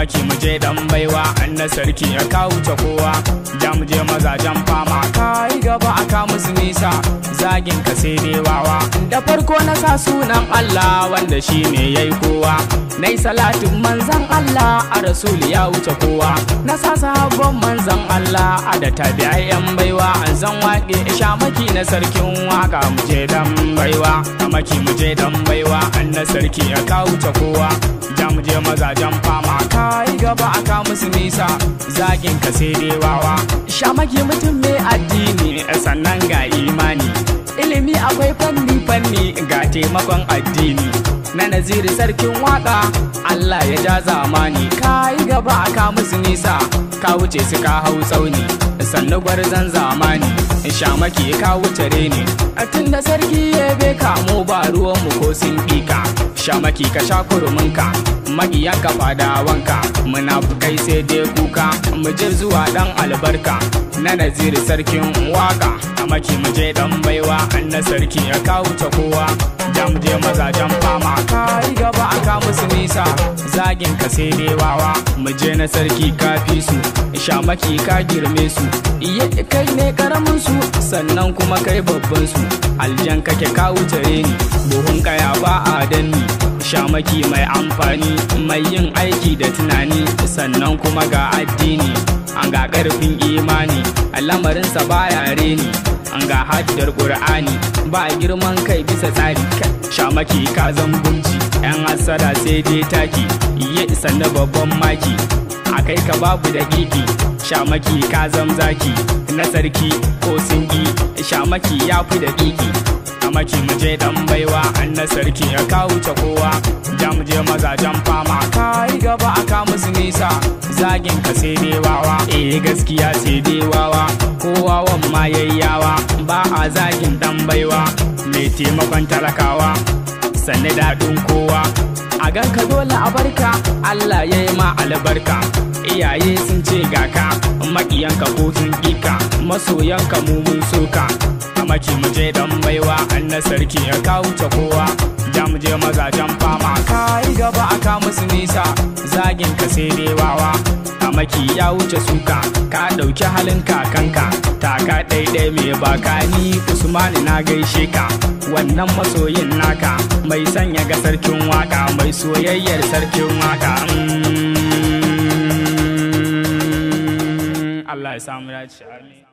maki mu je dan baiwa an sarki ya kawo ta kowa da mu je mazajen fama ka gaba a musu nisa zagin ka sai dai wawa da farko na sa sunan Allah wanda shine yayi kowa nai salatin manzan Allah a rasul ya wuce kowa na sa sabon manzan Allah a da tabi'ai yan baiwa an zan waƙe isha maki na sarkin waka mu je dan baiwa maki mu je dan baiwa an sarki ya kawo ta kowa maza mu je mazajen fama ka yi gaba a ka musu nisa zagin ka sai dai wawa shamaki mutum mai addini sannan ga imani ilimi akwai fanni fanni ga taimakon addini na naziri sarkin waka Allah ya ja zamani ka yi gaba a ka musu nisa ka wuce su ka hau tsauni sannu gwarzon zamani shamaki ka wuce ne tun da sarki ya be kamo ba ruwan mu ko sun ka shamaki ka sha fada wanka muna munafukai sai dai kuka mu je zuwa dan albarka na nazir sarkin waka a maki mu je dan baiwa na sarki ya kawo ta kowa jam je maza jam nisa zagin ka sai dai wawa mu je na sarki kafi su shamaki ka girme su iye kai ne karamin su sannan kuma kai babban su aljan kake ka wutare ni buhun kaya ba a danni shamaki mai amfani mai yin aiki da tunani sannan kuma ga addini an ga karfin imani lamarinsa yare ni an ga haddar ƙur'ani ba girman kai bisa tsari shamaki ka zambunci yan hasara sai dai taki iya isa na babban maki a kai ka babu da ƙiƙi, shamaki ka zamzaki na sarki ko singi shamaki ya fi da ƙiƙi, maki mu je dan baiwa an na sarki ya kawo ta kowa ja je maza mazajen fama kai gaba a ka musu nisa zagin ka sai dai wawa eh gaskiya sai dai wawa kowa wan ma yayyawa a zagin dan baiwa mai taimakon talakawa sanne daɗin kowa a ka dole a barka Allah ya yi ma albarka iyaye sun ce ga ka maƙiyanka ko sun ƙika masoyanka mumun soka maki mu je dan baiwa an na sarki ya kawo ta kowa da mu je mazajen fama ka gaba a musu nisa zagin ka sai dai wawa maki ya wuce suka ka ɗauki halin kakanka taka ɗaiɗai mai baka ni usmani na gaishe ka wannan masoyin naka mai sanya ga sarkin waka mai soyayyar sarkin waka mm. Allah ya samu dace amin